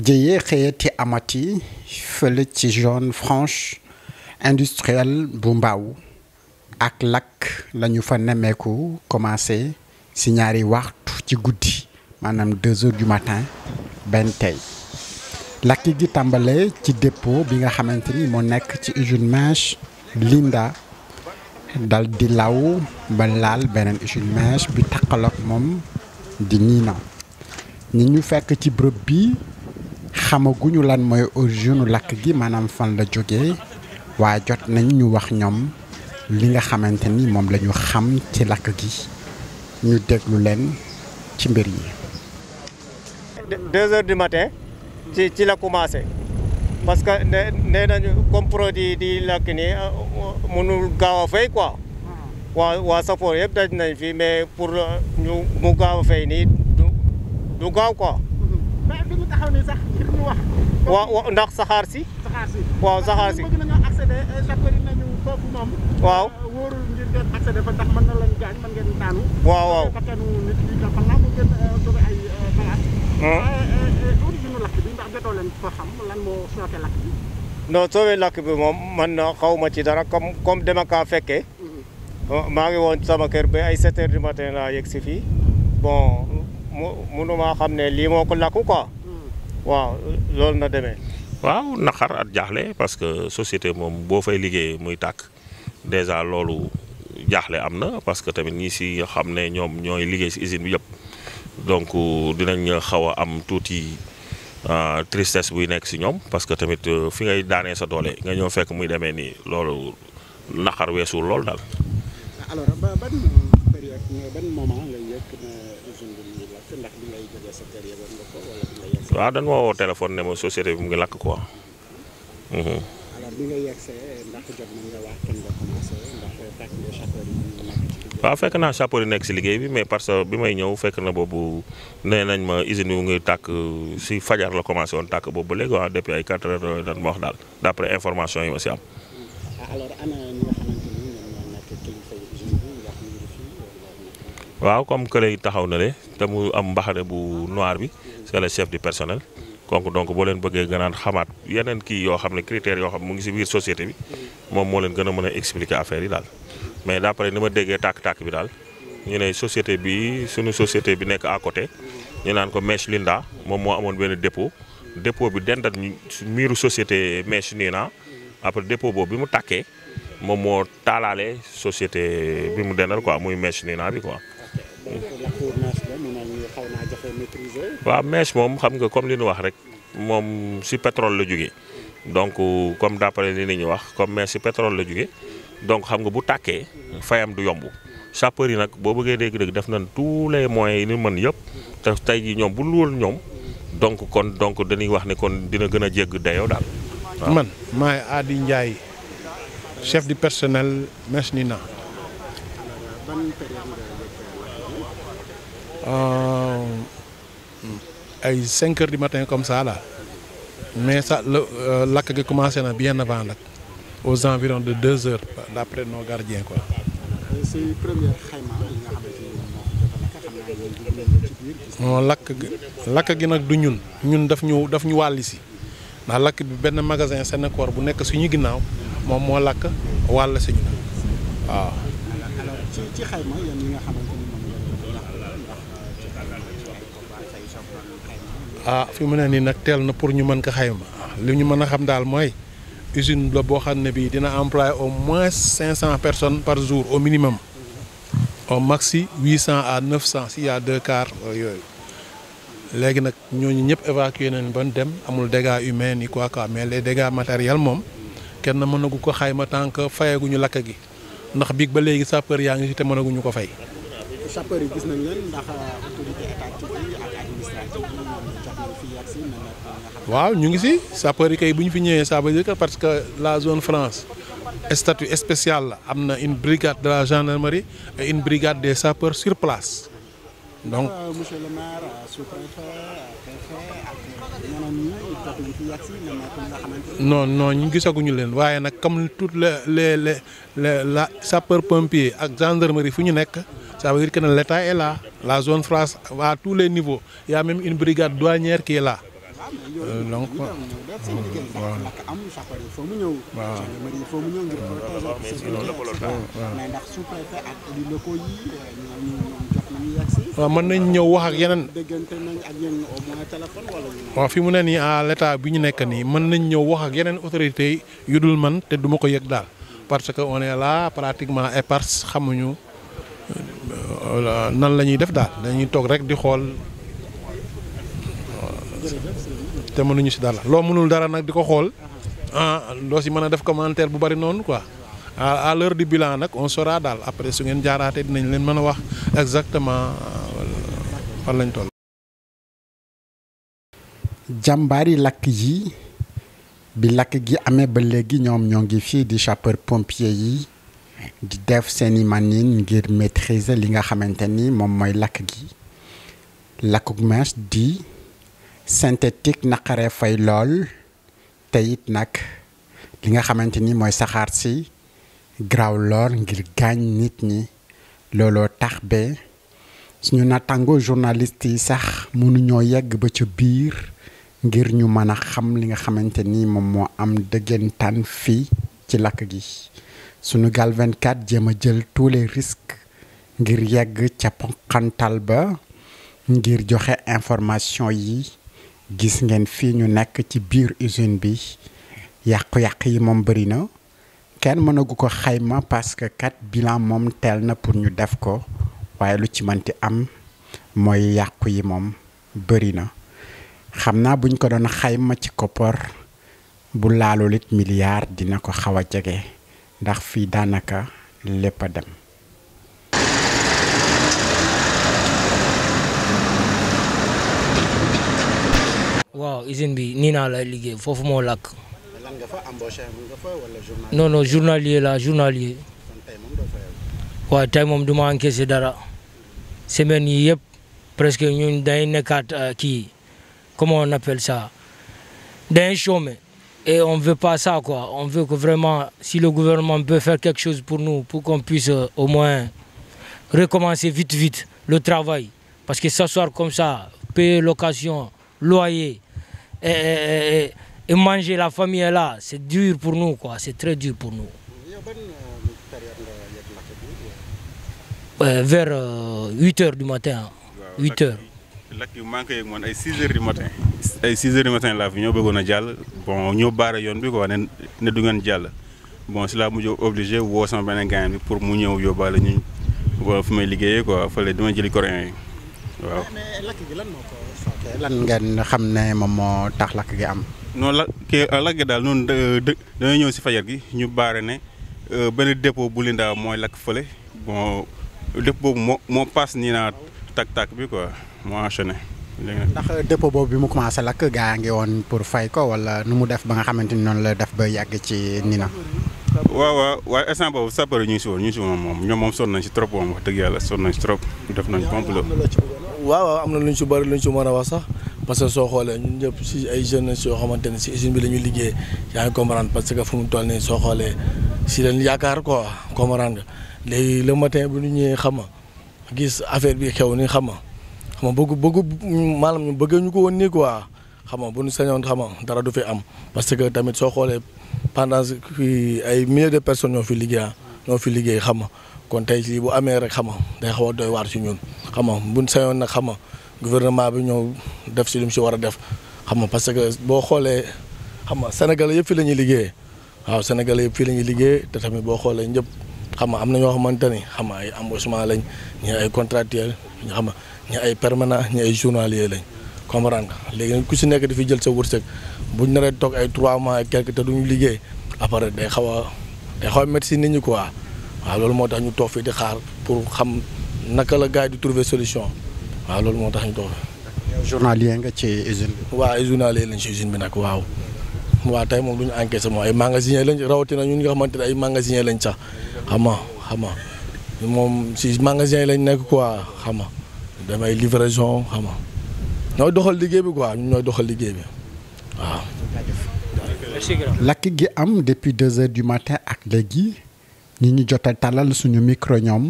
jëyee xëyati amati fële ci zone franche industrielle bu mbaaw ak lakk lañu fa nemmeeku commencé ci ñaari waxtu ci guddi maanaam deux heures du matin benn tey lakk gi tàmbale ci dépôt bi nga xamante ni moo nekk ci usine mèche Linda dal di law ba laal beneen usine mèche bi taqaloog moom di Nina ñi ñu fekk ci bërëb bi xamaguñu lan mooy origine lakk gi maanaam fan la jógee waa jot nañ ñu wax ñoom li nga xamante ni moom la ñu xam ci lakk gi ñu déglu leen ci mbir yi. deux heures du ci la commencé parce que nee nañu comme produit di lakk ni euh, mënul gaaw a fay quoi waa waa safoor yëpp daj nañ fi mais pour ñu mu gaaw a fay nii du gaaw quoi. waaw ndax saxaar si. saxaar si waaw saxaar si. bëgg nañoo moom. Eh, waaw euh, mën na leen waaw waaw bakkanu nit lakk bi moom man xaw ci dara comme comme dama kaa fekkee. Mm-hmm. Euh, maa ngi woon sama kër bi ay 7 heures du matin laa yegg si fii bon mu xam ne lii moo ko lakk quoi. waaw loolu na demee. waaw naxar at jaaxle parce que société moom boo fay liggéey muy tàkk déjà loolu jaaxle am na parce que tamit ñi si xam ne ñoom ñooy liggéey si usine bi yëpp donc euh, dinañ xaw a am tuuti euh, tristesse buy nekk si ñoom parce que tamit euh, fi ngay daanee sa doole nga ñëw fekk muy demee nii loolu naxar weesul lool dal kër yàgg nga bi mu ngi lakk ndax bi ngay waaw dañ ma téléphone ne ma société bi mu ngi lakk quoi. Mhm. nekk ci liggéey. waaw fekk naa chauffeur nekk si liggéey bi mais parce que bi may ñëw fekk na boobu nee nañ ma usine bi mu ngi tàkk si fajar la commencé woon tàkk boobu ba léegi waaw ah, depuis ay 4 heures dañ ma wax daal d' information yi ma si am. waaw comme kële taxaw na le te mu am mbaxane bu noir bi c'est le chef di personnel konk donc boo leen bëggee gënaan xamaat yeneen kii yoo xam ne critères yoo xam mu ngi si biir société bi moom moo leen gën a mën a expliquer affaire yi daal mais d'après ni ma déggee tàkk-tàkk bi daal ñu ne société bi suñu société bi nekk à côté ñu naan ko Mèche Linda moom moo amoon benn dépôt dépôt bi dendat ñu miiru société Mèche naa après dépôt boobu bi mu tàkkee moom moo taalaale société bi mu dendal quoi muy Mèche Nina bi quoi waa mèche moom xam nga comme li ñu wax rek moom si pétrole la jóge donc comme d'après li ñu wax comme mèche si pétrole la jóge donc xam nga bu tàkkee fayam du yomb sapeur yi nag boo bëggee dégg-dégg def na tous les moyens yi ñu mën yëpp te tey jii ñoom bu luwal ñoom donc kon donc dañuy wax ne kon dina gën a jégg dayoo daal. man maay Adi Ndiaye chef du personnel mèche ni na Euh, ay 5 heures du matin comme ça là mais ça euh, lakk gi commencé na bien avant nag aux environs de 2 heures d'après nos gardiens quoi. suy première xayma lakk gi lakk gi nag du ñun ñun daf ñu daf ñu wàlli si ndax lakk bi benn magasin Sénécor bu nekk suñu ginnaaw moom moo lakk wàll si ñu waaw. ah fi mu ne nii nag teel na pour ñu mën ko xayma li ñu mën a xam daal mooy usine la boo xam ne bii dina employé au moins cinq cent personnes par jour au minimum au maxi huit cent à neuf cent s'il y a deux euh, léegi nag ñooñu ñëpp évacué nañ ban dem amul dégâts humains ni quoi quoi mais les dégâts matériels moom kenn mënagu ko xayma tant que fayaguñu lakk gi ndax biig ba léegi sapeur yaa ngi si te mënaguñu ko fay. waaw ñu ngi si sapeur yi kay bu ñu fi ñëwee ça veut dire parce que la zone France statut spécial la am na une brigade de la gendarmerie et une brigade des sapeurs sur place. donc euh, monsieur le maire euh, sous-préfet euh, ñu gisaguñu leen waaye nag comme toutes le le les la sapeur pompier ak gendarmerie fu ñu nekk. ça veut dire que ne l' état est là la zone France à tous les niveaux y' a une brigade douanière qui est là. donc waaw mën nañ ñëw wax ak yeneen waaw fi mu ne nii à l'état bi ñu nekk nii mën nañ ñëw wax ak yeneen autorité yu dul man te duma ko yëg daal parce que on est là pratiquement éparse xamuñu euh, nan lañuy def daal dañuy toog rek di xool te mënuñu si dara loo mënul dara nag di ko xool ah, loo si mën a def commentaire bu bari noonu quoi à l'heure du billant nag on sora daal après su ngeen jaaraatee dinañ leen mën a wax exactement euh, fan lañ toll. jàmbaari lakk yi bi lakk gi amee ba léegi ñoom ñoo ngi fii di sapeur pompier yi di def seeni manine ngir maîtriser li nga xamante ni moom mooy lakk gi lakkug mèche di. synthétique naqaree fay lool te nag li nga xamante ni mooy saxaar si graw lool ngir gaañ nit ñi looloo tax ba suñu nattangoo journaliste yi sax mënuñoo yegg ba ca biir ngir ñu mën a xam li nga xamante ni moom moo am dëggantaan fii ci lakk gi Sunugal 24 jéem a jël tous les risques ngir yegg ca ponkantal ba ngir joxe information yi gis ngeen fii ñu nekk ci biir usine bi yàqu-yàq yi moom bëri na kenn mënagu ko xayma parce que kat bilan moom teel na pour ñu def ko waaye lu ci mënti am mooy yàqu yi moom bëri na xam naa buñ ko doon xayma ci koppar bu laalulit milliard dina ko xaw a jege ndax fii daanaka lépp a dem non usine bi nii naa lay liggéey foofu moo làkk. lan non non journalier la journalier. waaye tey moom du ma encaissé dara semaine yi yëpp presque ñun day nekkaat euh, kii comment on appelle ça day chômé et on veut pas ça quoi on veut vraiment si le gouvernement peut faire quelque chose pour nous pour qu'on puisse euh, au moins recommencer vite vite le travail parce que s'asseoir comme ça payer location loyer et, et, manger la famille est là c'est dur pour nous ko c'est très dur pour nous. vers euh, huit heures du matin huit heures. lakk yu manqué yeeg man ay six heures du matin. ay six heures du matin laa fi ñoo bëggoon a jàll bon ñoo baare yoon bi quoi ne ne du ngeen jàll bon si laa mujj obligé woo sama beneen gars bi pour mu ñëw yóbbaale ñu wala fu may liggéeyee quoi fële duma jëli coréen yi waaw. lan ngeen xam ne moom moo tax lakk gi am. noonu la kii euh, lakk daal noonu dana ñëw si fajar gi ñu baare ne euh, benn dépôt bu Linda mooy lakk fële bon dépôt boobu moo moo paas nii naa tak-tak bi quoi moo enchaîné. ndax dépôt boobu bi mu commencé lakk gaa ngi woon pour fay ko wala nu mu def ba nga xamante ni noonu la def ba yàgg ci nii na. waaw waaw waaye instant boobu sapeur ñu ngi si woon ñu ngi si woon moom ñoom moom sonn nañ si trop moom wax dëgg yàlla sonn nañ si trop def nañ pompe waaw am na lu ñu si bëri lu ñu si mën a wax sax parce que soo xoolee ñun ñëpp si ay jeunes yoo xamante ne si usine bi lañuy ñuy liggéey yaa ngi comprendre parce que fu mu toll nii soo xoolee si leen yaakaar quoi comprendre nga léegi le matin bu ñu ñëwee xama gis affaire bi xew ni xam nga xam nga bëgg bëgg maanaam ñu bëgg ñu ko won nii quoi xam nga bu ñu sañoon xam nga dara du fi am parce que tamit soo xoolee pendant ay milliers de personnes ñoo fi liggéey ñoo fi liggéey xam nga kon tey jii bu amee rek xama day xaw a doy waar ci ñun xama buñ sañoon nag xama gouvernement bi ñëw def si li mu ci war a def xama parce que boo xoolee xama sénégalais yëpp fi la ñuy liggéeyee waaw sénégalais yëpp fii la ñuy liggéeyee te tamit boo xoolee ñëpp xama am na ñoo xamante ni xama ay embauchement lañ ñi ay contrate contractuel ñu xama ñi ay permanent ñi ay journalier lañ comprendre nga léegi nag ku si nekk dafiy jël sa wërsëg bu naree toog ay trois mois et quelque duñu liggéey après day xaw a day xaw a métti quoi waaw loolu moo tax ñu toog fii di xaar pour xam naka la gars yi di trouver solution waaw loolu moo tax ñu toog journalier nga ci usine bi. waaw ay journalier lañ ci usine bi nag waaw. waaw tey moom du ñu encaissé moom ay magasinier lañ rawatina ñun nga xamante ne ay magasinier lañ sax xam nga xam nga moom si magasin lañ nekk quoi xama damay livraison xama nga ñooy doxal liggéey bi quoi ñun ñooy doxal liggéey bi waaw. lakk gi am depuis deux heures du matin ak léegi. ñi ñu jot a talal suñu micro ñoom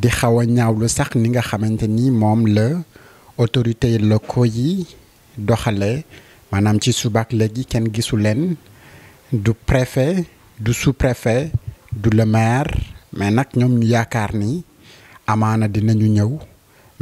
di xaw a lu sax ni nga xamante ni moom la autorité locaux yi doxale maanaam ci subaak léegi kenn gisu leen du préfet du sous-préfet du le maire mais nag ñoom ñu yaakaar ni amaana dinañu ñëw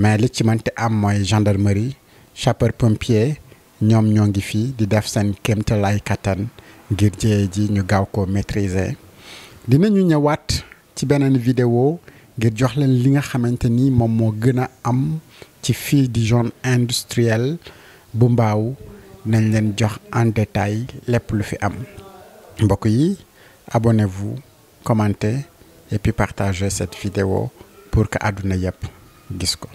mais li ci mënti am mooy gendarmerie sapeur pompier ñoom ñoo ngi fii di def seen kéemtalaay kattan ngir jëye ji ñu gaaw ko maîtriser. dinañu ñëwaat ci beneen vidéo ngir jox leen li nga xamante ni moom moo gën a am ci fii di zone industrielle bu mbaaw nañ leen jox en détail lépp lu fi am mbokk yi abonnez-vous commentez et puis partagez cette vidéo pour que àdduna yëpp gis ko